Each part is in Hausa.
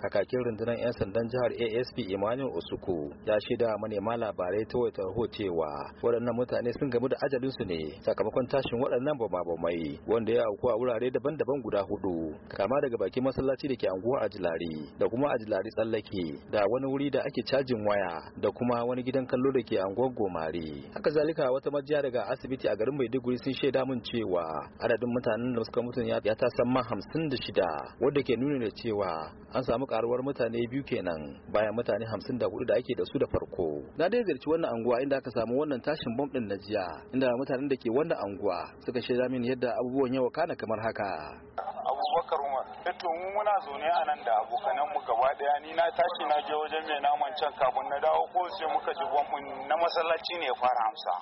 kakakin rundunar 'yan sandan jihar asp imanin osuku ya shaida manema labarai ta wata raho cewa waɗannan mutane sun gamu da su ne sakamakon tashin waɗannan bama-bamai wanda ya auku a wurare daban-daban guda hudu kama daga bakin masallaci da ke anguwa ajilari da kuma ajilari tsallake da wani wuri da ake cajin waya da kuma wani gidan kallo da ke anguwar gomari haka zalika wata majiya daga asibiti a garin maiduguri sun shaida mun cewa adadin mutanen da suka mutu ya ma hamsin da shida wadda ke nuna da cewa an samu karuwar mutane biyu kenan bayan mutane hamsin da hudu da ake da su da farko na dai ziyarci wannan anguwa inda aka samu wannan tashin bom din na jiya inda mutanen da ke wannan anguwa suka shaida mini yadda abubuwan yau kana kamar haka abubakar umar eh to mu muna zaune a nan da abokanan mu gaba daya ni na tashi na je wajen mai naman can kafin na dawo ko sai muka ji bombin na masallaci ne ya fara amsa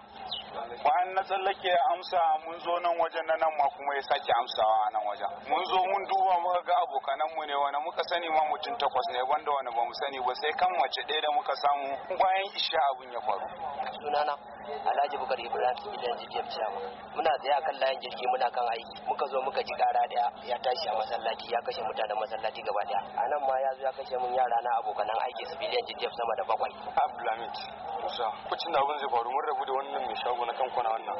bayan na tsallake ya amsa mun zo nan wajen na nan ma kuma ya sake amsawa a nan wajen mun zo mun duba muka ga abokanan mu ne wani muka sani ma mutum takwas ne wanda wani ba mu sani ba sai kan mace ɗaya da muka samu bayan isha abin ya faru sunana alhaji bukar ibrahim ilan jijiyar ciyawa muna tsaye kan layin jirgi muna kan aiki muka zo muka ji kara daya ya tashi a masallaci ya kashe mutanen masallaci gaba daya a nan ma ya zo ya kashe mun yara na abokanan aiki su biliyan jijjef sama da bakwai abdulhamid musa kucin da abin zai faru mun rabu da wannan mai shago na kan kwana wannan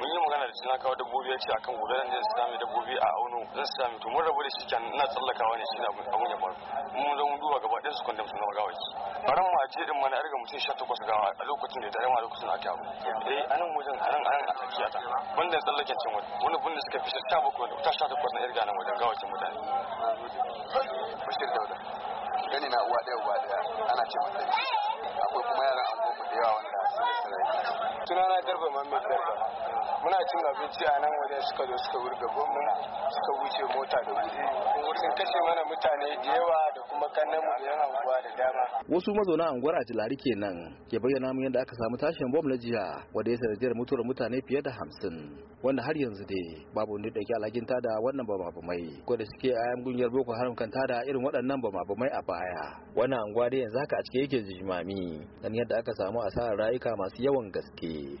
mun yi magana da suna kawo dabbobi ya ce akan gudanar zan su sami dabbobi a auno zan sami to mun rabu da shi kenan ina tsallakawa ne shi abin ya faru mun zo mun duba gaba ɗaya su kwandam su na magawaki barin mu je din mana arga mutum 18 ga a lokacin da dare ma lokacin da ake abu eh anan wajen anan anan a tsakiya ta banda tsallaken cin wani wani bunda suka fi 17 ne ta 18 na irga nan wajen gawacin mutane bashir dauda gani na uwa daya uwa daya ana ce mata akwai kuma yaran goma da yawa wanda sun manoma mai garba muna cin abinci a nan wajen suka zo suka wurga gwamnan suka wuce mota da wuri sun kashe mana mutane da yawa da kuma kannan mu yan anguwa da dama wasu mazauna anguwar a jilari kenan ke bayyana mu yadda aka samu tashin bom na jiya wanda ya sanadiyar mutuwar mutane fiye da hamsin wanda har yanzu dai babu wanda dauki alhakin tada wannan bamabumai ko da suke a yan gungiyar boko haram kan tada irin waɗannan mai a baya wannan anguwa dai yanzu haka a cike yake jimami dan yadda aka samu asarar rayuka masu yawan gaske